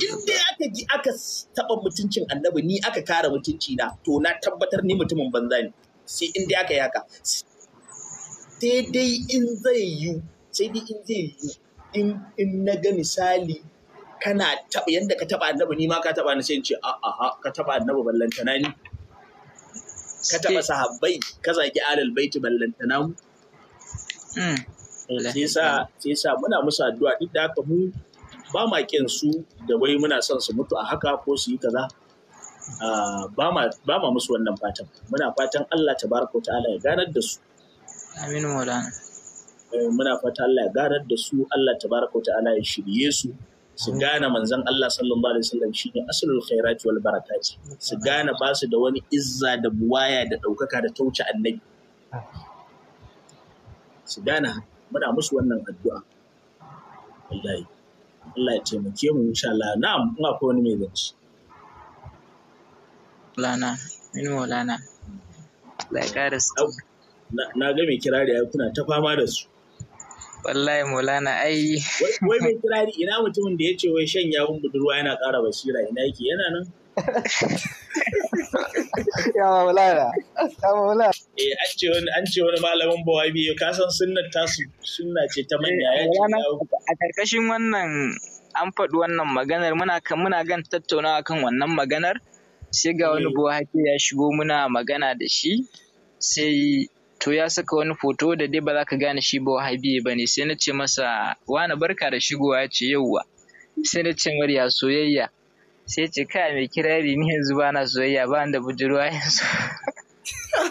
in aka ji aka taba mutuncin annabi ni aka kara mutunci na to na tabbatar ni mutumin banza ne sai in dai aka yi sai dai in zai yi sai dai in zai yi in in na ga misali kana taɓa yanda ka taɓa annabi ni ma ka taɓa ni sai in ce a'a ka taba annabi ballantana ni ka taɓa sahabbai ka zagi alal baiti ballantana mu hmm, sai sa muna musu addu'a duk da haka mu ba ma kin su da wai muna son su mutu a haka ko su yi kaza ah, ba ma musu wannan fatan muna fatan Allah tabaraka ta'ala ya ganar da su amin maulana eh, muna fatan Allah ya ganar da su Allah tabaraka ta'ala ya shirye su su gane manzon Allah sallallahu alaihi wasallam shine aslul khairat wal barakat su gane ba su da wani izza da buwaya da daukaka da tauce annabi su gane muna musu wannan addu'a wallahi Allah ya taimake mu insha Allah na'am ina ko wani mai zance lana min lana Allah ya na ga mai kirari ai kuna ta fama da su wallahi maulana ai wai mai kirari ina mutumin da ya ce wai shan yawon budurwa yana ƙara basira ina yake yana nan ya maulana ya maulana eh an ce wani malamin bawa biyu. ka san sunnar tasu sunna ce ta manya ya ce a karkashin wannan an faɗi wannan maganar muna kan muna gan tattaunawa kan wannan maganar sai ga wani eh. buhaki ya shigo muna magana da shi sai to ya saka wani foto da dai ba za ka gane shi ba wahabiye ba ne sai na ce masa wani barka da shigowa ya ce yauwa sai na ce murya soyayya sai ce kai mai kirari ni yanzu ba na soyayya ba da budurwa yanzu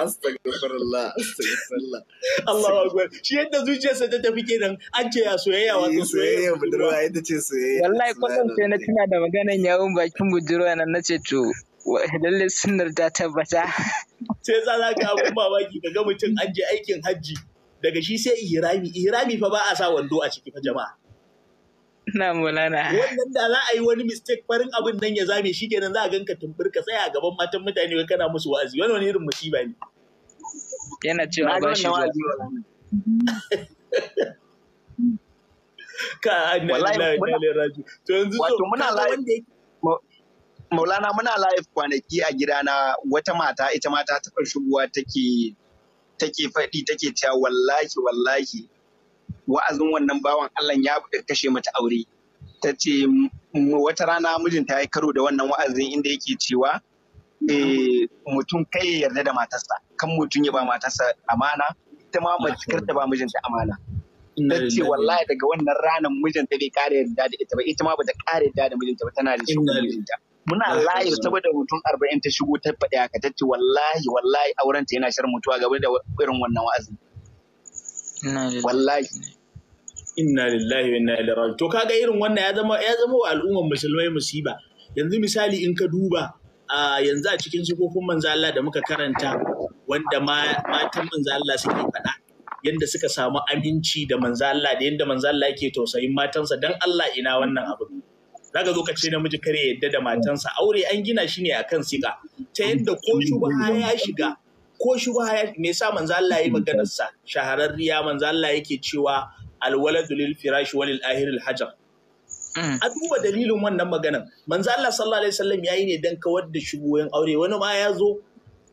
astagfirullah astagfirullah Allahu akbar shi yadda zuciyarsa ta tafi kenan an ce ya soyayya wato eh, soyayya budurwa ita ce soyayya wallahi kullum sai na tuna da maganan yawun bakin budurwa nan nace to lalle sunnar ta tabbata sai za za ka abun mamaki ka ga mutum an je aikin hajji daga shi sai ihrami ihrami fa ba a sa wando a ciki fa jama'a na mulana wannan da za a yi wani mistake farin abin nan ya zame shi kenan za a ganka tumbur ka tsaya a gaban matan mutane wai kana musu wa'azi wani wani irin musiba ne yana cewa ba shi ka annabi wallahi to yanzu so wanda maulana muna live kwanaki a gidana wata mata ita mata ta fara shigowa take take faɗi take cewa wallahi wallahi wa'azin wannan bawan Allah ya kashe mata aure ta ce wata rana mijinta ya karo da wannan wa'azin inda yake cewa eh, mutum kai ya yarda da matarsa kan mutum ya ba matarsa amana ita ma mace da ba mijinta amana ta ce wallahi daga wannan ranar mijinta bai kare yarda da ita ba ita ma bata kare yarda da mijinta ba tana da shi mijinta muna layi saboda mutum arba'in ta shigo ta faɗi haka ta ce wallahi wallahi auren ta yana shar mutuwa game da irin wannan wa'azi wallahi inna lillahi wa inna ilaihi raji'un to kaga irin wannan ya zama ya zama wa al'umman musulmai musiba yanzu misali in ka duba a yanzu a cikin sifofin manzo Allah da muka karanta wanda matan manzo Allah suke faɗa yadda suka samu aminci da manzo Allah da yadda manzo Allah yake tausayin matansa dan Allah ina wannan abu za ka zo ka ce namiji ya yadda da matansa aure an gina shi ne akan siga ta yadda ko shubha ya shiga ko shubha ya me yasa manzo Allah ya maganar sa shahararriya manzo Allah yake cewa alwaladu lil firashi wal ahiril hajar mm. a duba dalilin wannan maganar manzo Allah sallallahu alaihi wasallam yayi ne dan kawar da shubuhoyin aure wani ma ya zo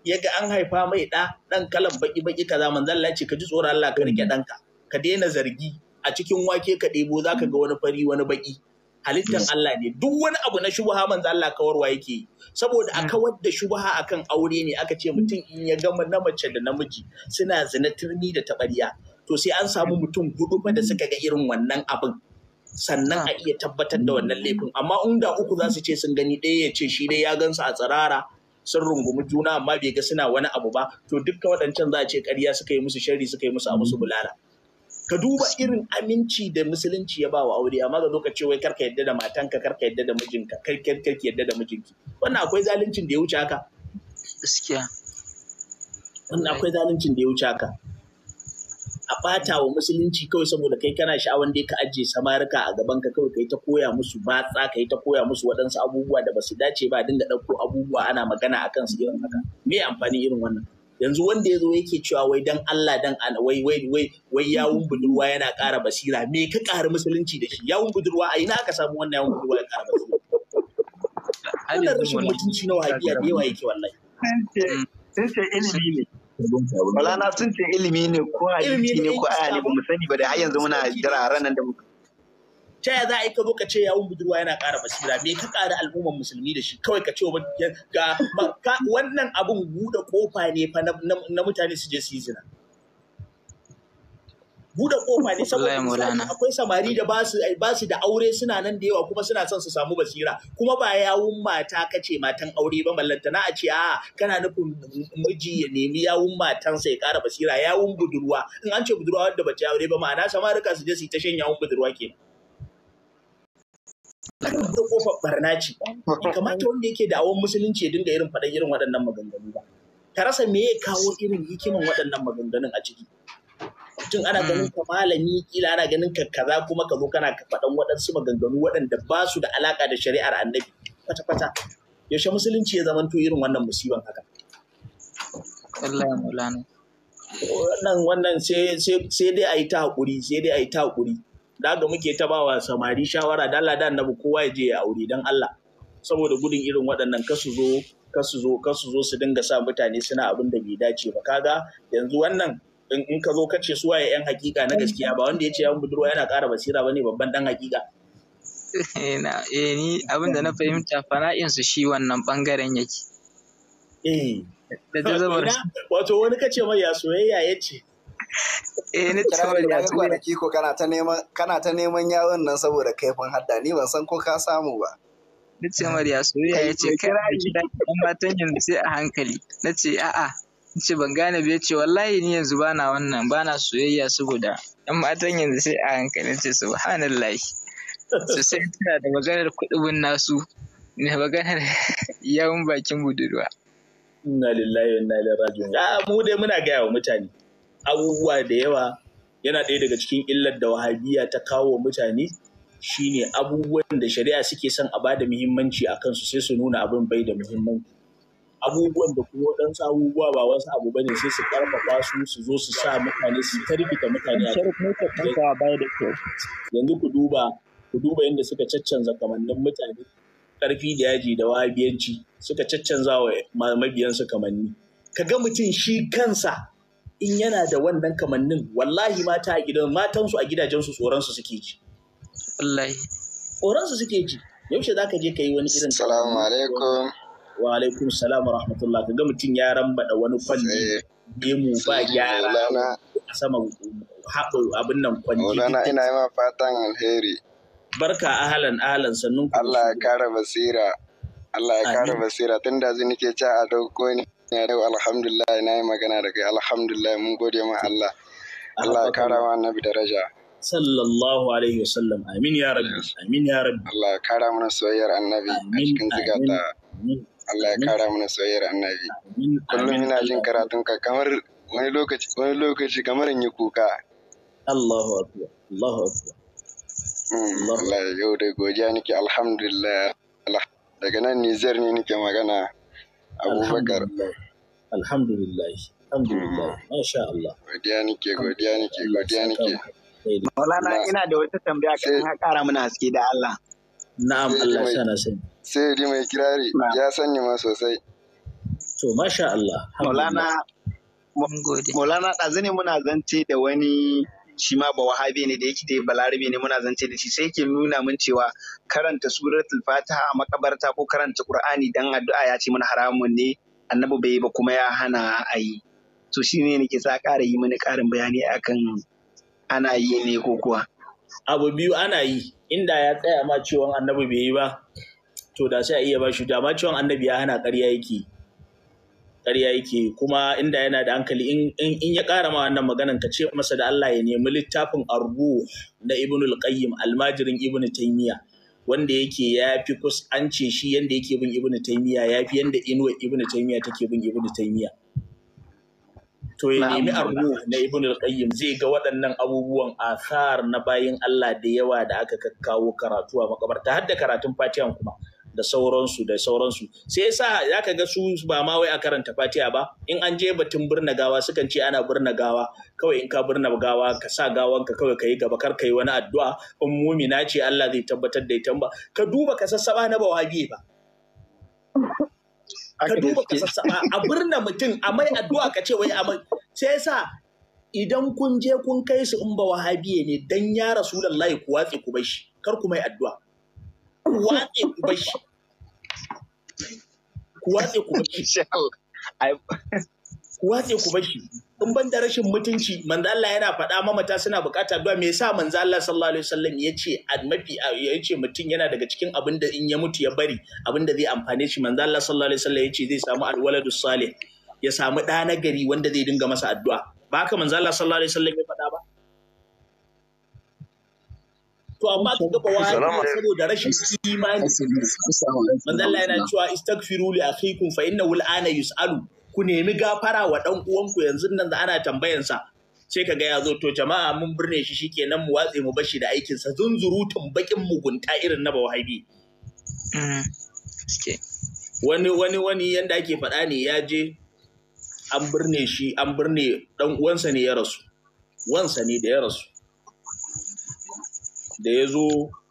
ya ga an haifa mai da dan kalan baki baki kaza manzo Allah ce ka ji tsoron Allah ka rike danka ka daina zargi a cikin wake ka ɗebo zaka ga wani fari wani baki halittar mm. Allah ne duk wani abu na shubha manzo Allah kawarwa yake saboda a mm. kawar da shubha akan aure ne aka ce mutum in ya gama na mace da namiji suna zina turmi da tabariya to sai an samu mm. mutum hudu fa da suka ga irin wannan abin sannan a ah. iya tabbatar da wannan laifin amma inda uku za su ce sun gani ɗaya ya ce shi dai ya gansu a tsirara sun rungumi juna amma bai ga suna wani abu ba to dukkan waɗancan za a ce ƙarya suka yi musu sharri suka yi musu a musu bulala ka duba irin aminci da musulunci ya bawa aure amma ga lokaci wai karka yadda da matanka karka yadda da mijinka karka yadda da mijinki wannan akwai zaluncin da ya wuce haka gaskiya wannan akwai zaluncin da ya wuce haka a bata wa musulunci kawai saboda kai kana sha'awan dai ka ajiye samarika a gaban ka kawai kai ta koya musu batsa kai ta koya musu waɗansu abubuwa da basu dace ba dinga ɗauko abubuwa ana magana akan su irin haka me amfani irin wannan yanzu wanda ya zo yake cewa wai dan Allah dan wai wai wai wai yawun budurwa yana ƙara basira me ka ƙara musulunci da shi yawun budurwa a ina aka samu wannan yawun budurwa ya ƙara basira da shi mutunci na wahabiya da yawa yake wallahi sun ce ilimi ne Malana sun ce ilimi ne ko hadisi ne ko aya ne ba mu sani ba da har yanzu muna jira ranar da muka ta ya za a yi ka zo ka ce yawun budurwa yana ƙara basira me ka ƙara al'umman musulmi da shi kawai ka ce wa ga wannan abun buɗe kofa ne fa na mutane su je su yi zina buɗe kofa ne saboda akwai samari da ba su da aure suna nan da yawa kuma suna son su samu basira kuma ba yawun mata ka ce matan aure ba mallanta na a ce a kana nufin miji ya nemi yawun matansa ya ƙara basira yawun budurwa in an ce budurwa wadda bace aure ba ma'ana samarika su je su yi ta shan yawun budurwa kenan Wannan da kofar barna ce. Kamata wanda yake da awon musulunci ya dinga irin faɗan irin waɗannan maganganu ba. Ka rasa me ya kawo irin hikiman waɗannan maganganun a ciki. Mutum ana mm. ganin ka malami kila ana ganin ka kaza kuma ka zo kana faɗan waɗansu maganganu waɗanda ba su da alaƙa da shari'ar annabi. Kwata-kwata. Yaushe musulunci ya zamanto irin wannan musiban haka. Allah ya mulana. wannan wannan sai dai a yi ta haƙuri sai dai a yi ta haƙuri da haka muke ta wa samari shawara da Allah da annabi kowa ya je ya aure dan Allah saboda gudun irin waɗannan kasu zo kasu zo kasu zo su dinga sa mutane suna abin da bai dace ba kaga yanzu wannan in ka zo ka ce su waye yan hakika na gaskiya ba wanda ya ce yan budurwa yana ƙara basira bane babban dan hakika eh ni abin da na fahimta fara'in su shi wannan bangaren yake eh da wato wani kace mai ya soyayya yace eh ni tare da ga kwanaki ko kana ta neman kana ta neman yaron nan saboda kaifin hadda ni ban san ko ka samu ba na ce mariya soyayya ya ce kai da ɗan matan yanzu sai a hankali na ce a'a na ce ban gane ba ya ce wallahi ni yanzu bana wannan bana soyayya saboda ɗan matan yanzu sai a hankali na ce subhanallahi su sai tana da maganar kuɗin nasu ne maganar yawon bakin budurwa inna lillahi wa inna ilaihi raji'un mu dai muna gaya wa mutane abubuwa da yawa yana ɗaya daga cikin illar da wahabiya ta kawo mutane shine abubuwan da shari'a suke son a bada muhimmanci a kansu sai su nuna abin bai da muhimmanci abubuwan da kuma waɗansu abubuwa ba wasu abu ba ne sai su karfafa su su zo su sa mutane su tarbita mutane a yanzu ku duba ku duba yadda suka caccanza kamannin mutane ƙarfi da yaji da wahabiyanci suka caccanza wa mabiyansu kamanni Ka ga mutum shi kansa in yana da wannan kamannin wallahi mata a gidan matansu a gidajensu tsoronsu suke ji. Wallahi. Tsoronsu suke ji. Yaushe za ka je ka yi wani irin. Salamu alaikum. Wa alaikum salam wa rahmatullah. Ka ga mutum ya rambaɗa wani kwalli. Eh. Gemu ba eh, gyara. A sama haɓu abin nan kwalli. ina yi ma fatan alheri. Barka ahalan ahalan sannun. Allah ya kara basira. Allah ya kara basira tun da zai nake ca a dauko ne. ne da alhamdulillah na yi magana da kai alhamdulillah mun gode ma Allah Allah ya kara wa annabi daraja sallallahu alaihi wasallam amin ya rabbi amin ya rabbi Allah ya kara mana soyayyar annabi cikin zigata Allah ya kara mana soyayyar annabi kullum ina jin karatun ka kamar wani lokaci wani lokaci kamar in yi kuka Allahu akbar Allahu akbar hmm, Allah yau da godiya nake alhamdulillah daga nan Nijar ne nake magana Abubakar. Alhamdulillah. Alhamdulillah. Hmm. Masha Allah. Godiya nake, godiya nake, godiya nake. Maulana ina da wata tambaya kan ha kara mana haske da Allah. Na'am Allah ya na sai Sai di mai kirari ya sanni ma sosai. To masha Allah. Maulana Maulana ɗazu ne muna zance da wani shi ma ba wahabe ne da yake da balarabe ne muna zance da shi sai yake nuna mun cewa karanta suratul fatiha a makabarta ko karanta qur'ani dan addu'a ya ce mana haramun ne annabi bai ba kuma ya hana a yi to shine nake sa ƙara yi mini ƙarin bayani akan ana yi ne ko kuwa abu biyu ana yi inda ya tsaya ma ciwon annabi bai yi ba to da sai a iya ba shi dama ciwon annabi ya hana ƙarya yake ƙarya yake kuma inda yana da hankali in ya ƙara ma wannan maganan ka ce masa da Allah ya nemi littafin arbu na ibnul qayyim almajirin ibn taymiya wanda yake ya fi kusance shi yanda yake bin ibn taymiya ya fi yanda inuwa ibn taymiya take bin ibn taymiya to ya nemi arbu na ibn qayyim zai ga waɗannan abubuwan asar na bayin Allah da yawa da aka kawo karatu a makabarta har da karatun fatihan kuma da sauransu da sauransu sai yasa zaka ga su ba ma wai a karanta fatiha ba in an je batun birna gawa sukan ce ana birna gawa kawai in ka birna gawa ka sa gawan ka kawai yi gaba kar ka yi wani addu'a in mumina ce Allah zai tabbatar da ita ba ka duba ka sassaba na bawabi ba ka duba ka sassaba a birna mutum a mai addu'a ka ce wai a mai sai yasa idan kun je kun kai su in ba wahabiye ne dan ya rasulullahi ku watse ku bashi kar ku mai addu'a ku watse ku bashi Kuwa ne ku bashi Kuwa ne ku bashi in ban da rashin mutunci manzo Allah yana faɗa mamata suna bukata addu'a me yasa manzo Allah sallallahu alaihi wasallam yace mafi yace mutum yana daga cikin abin da in ya mutu ya bari abin da zai amfane shi manzo Allah sallallahu alaihi wasallam yace zai samu alwaladus salih ya samu ɗa na gari wanda zai dinga masa addu'a ba haka manzo Allah sallallahu alaihi wasallam ya faɗa ba to amma ka ga wa saboda rashin imani manzo yana cewa istaghfiru li akhikum fa wal ana yus'alu ku nemi gafara wa dan uwanku yanzu nan da ana tambayansa sai ka ga ya zo to jama'a mun birne shi shikenan mu watse mu bashi da aikin sa zunzurutun bakin mugunta irin na bawahabi mm. wani wani wani yanda ake faɗa ne ya je an birne shi an birne dan uwansa ne ya rasu wansa ne da ya rasu da ya zo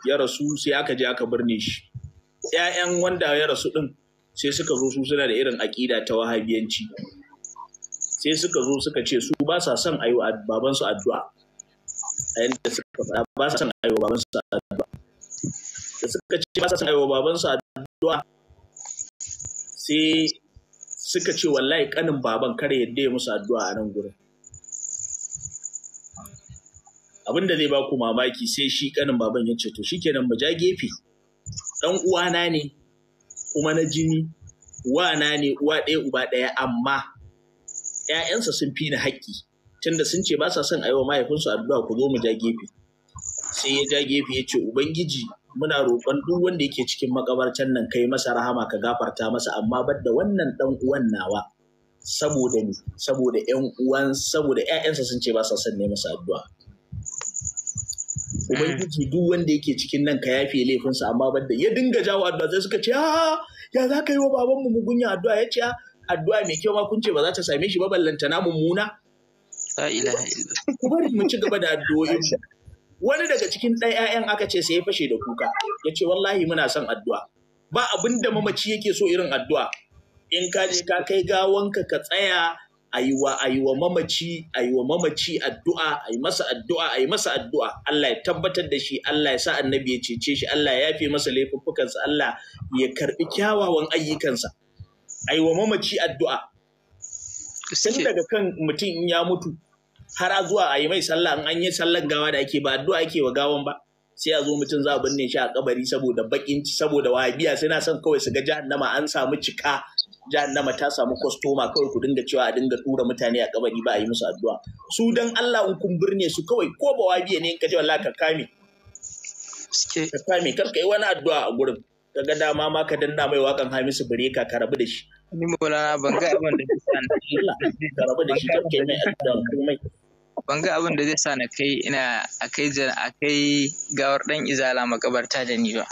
ya rasu sai aka je aka birne shi ‘ya'yan wanda ya rasu ɗin sai suka zo su suna da irin aƙida ta wahabiyanci sai suka zo suka ce su ba sa son ayo babansu addu'a a yadda suka faɗa ba sa son ayo babansu addu'a da suka ce ba sa son ayo babansu addu'a sai suka ce wallahi kanin baban kare yadda ya musu addu'a a nan gurin abin da zai ba mamaki sai shi kanin baban ya ce to shi shikenan mu ja gefe dan uwana ne kuma na jini Uwana ne uwa ɗaya uba ɗaya amma ‘ya'yansa sun fi ni haƙƙi tunda sun ce ba sa son a yi wa mahaifinsu addu'a ku zo mu ja gefe sai ya ja gefe ya ce ubangiji muna roƙon duk wanda yake cikin makabartar nan kai masa rahama ka gafarta masa amma bar da wannan ɗan uwan nawa saboda ni saboda ƴan uwan saboda ƴaƴansa sun ce ba sa son ne masa addu'a ubangiji duk wanda yake cikin nan ka yafe laifinsa amma banda ya dinga jawo addu'a sai suka ce a ah, ya za ka yi wa babanmu mugunya addu'a ya ce ah, addu'a mai kyau ma kun ce ba za ta same shi ba ballantana mummuna ku bari mu ci gaba da addu'o'in wani daga cikin ɗan 'ya'yan aka ce sai ya fashe da kuka ya ce wallahi muna son addu'a ba abin da mamaci yake so irin addu'a in ka je ka kai gawanka ka tsaya yi wa mamaci wa mamaci addu'a ai masa addu'a yi masa addu'a Allah ya tabbatar da shi Allah ya sa annabi ya cece shi Allah ya yafe masa laifuffukansa Allah ya karbi kyawawan ayyukansa wa mamaci addu'a tun daga kan mutum in ya mutu har a zuwa a yi mai sallah in an yi sallan gawa da ake ba addu'a ake wa gawan ba sai a zo mutum za a binne shi a kabari saboda bakin saboda wahabiya suna son kawai su ga jahannama an samu cika jahannama ta samu kwastoma kawai ku dinga cewa a dinga tura mutane a kabari ba a yi musu addu'a su dan Allah in kun birne su kawai ko ba wabiye ne in ka ce wallahi ka kame ka kame kar ka yi wani addu'a a gurin ka ga dama ma ka danna mai wakan Hamisu bare ka rabu da shi ni mulana ban ga abin da zai sa na ka rabu da shi kar mai addu'a komai ban ga abin da zai sa na kai ina akai akai gawar dan izala makabarta da ni ba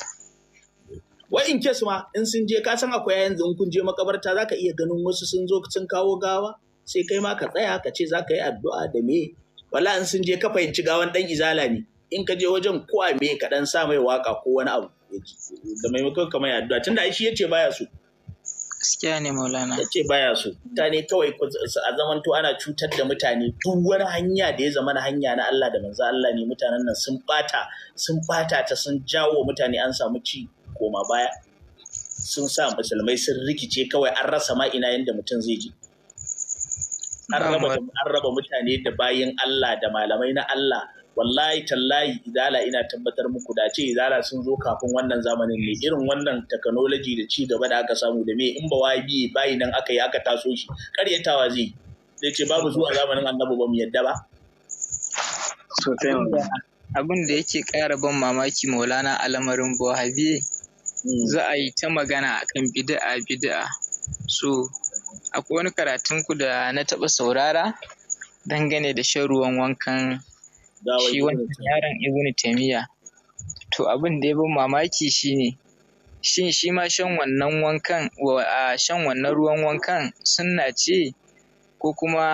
in kes ma in sun je ka san akwai yanzu in kun je makabarta za ka iya ganin wasu sun zo sun kawo gawa sai kai ma ka tsaya ka ce za ka yi addu'a da me wala in sun je ka fahimci gawan dan izala ne in ka je wajen ko a me ka dan sa mai waka ko wani abu da maimakon kamar addu'a tunda shi yace baya so gaskiya ne maulana yace baya so mutane kawai a zaman ana cutar da mutane duk wani hanya da ya zama na hanya na Allah da manzo Allah ne mutanen nan sun bata sun bata ta sun jawo mutane an samu ci koma baya sun sa musulmai sun rikice kawai an rasa ma ina yadda mutum zai ji an raba mutane da bayan Allah da malamai na Allah wallahi tallahi idala ina tabbatar muku da ce idala sun zo kafin wannan zamanin ne irin wannan technology da ci gaba da aka samu da me in ba wabi bayi nan aka yi aka taso shi karyatawa zai zai ce babu zuwa zamanin annabi ba mu yadda ba abin da yake kara ban mamaki maulana al'amarin buhabiye Mm. za a yi ta magana akan bida'a-bida'a. so akwai wani karatun ku da na taɓa saurara dangane da shan ruwan wankan shi wannan yaron ibnu taimiya to abin da ya ban mamaki shine shin shi ma shan wannan wankan a shan wannan ruwan wankan sunna ce ko kuma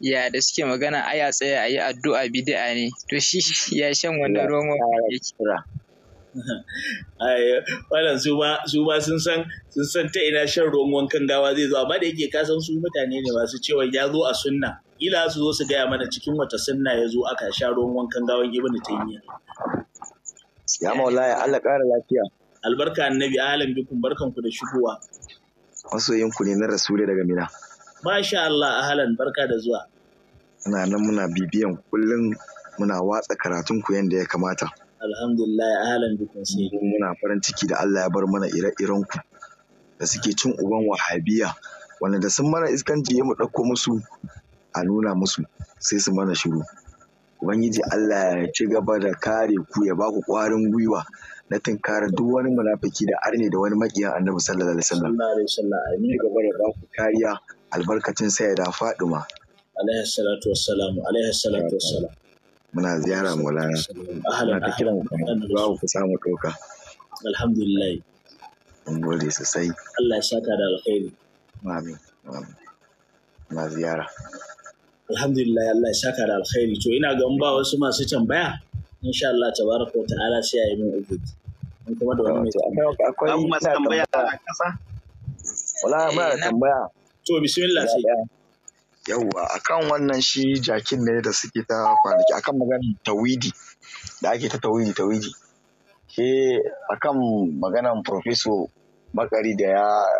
ya da suke magana aya tsaya a yi addu'a bid'a ne to shi ya shan wannan ruwan wankan yake wannan su ba sun san sun san ta ina shan ruwan wankan gawa zai zo amma da yake ka san su mutane ne masu cewa ya zo a sunna ila su zo su gaya mana cikin wata sunna ya zo aka sha ruwan wankan gawan ibnu taymiya ya maulaya Allah ƙara lafiya albarka annabi alam bikum barkanku da shigowa masoyin ku ne na rasuli daga mina masha Allah ahlan barka da zuwa Ana nan muna bibiyan kullum muna watsa karatun ku yadda ya kamata alhamdulillah ahlan bikum sai muna farin ciki da Allah ya bar mana ire-iren ku da suke cin uban wahabiya wanda da sun mana iskanci ya mu ɗauko musu a nuna musu sai su mana shiru ubangiji Allah ya ci gaba da kare ku ya ba ku ƙwarin gwiwa na tunkara duk wani munafiki da arne da wani makiyan annabi sallallahu alaihi wasallam amin gaba da ba ku kariya albarkacin sai da faduma alaihi salatu wassalam alaihi salatu wassalam muna ziyara maulana ana ta kiran babu ku samu ɗauka alhamdulillah mun gode sosai Allah ya saka da alkhairi amin amin muna ziyara alhamdulillah Allah ya saka da alkhairi to ina ga ba wasu masu tambaya insha Allah tabaraka wa ta'ala sai ayi min ubud mun kuma da wani akwai masu tambaya a kasa wala ba eh, tambaya to bismillah sai yawwa akan wannan shi jakin ne da suke ta kwanaki akan maganar tawidi da ake ta tawidi tawidi shi akan maganar profeso makari da ya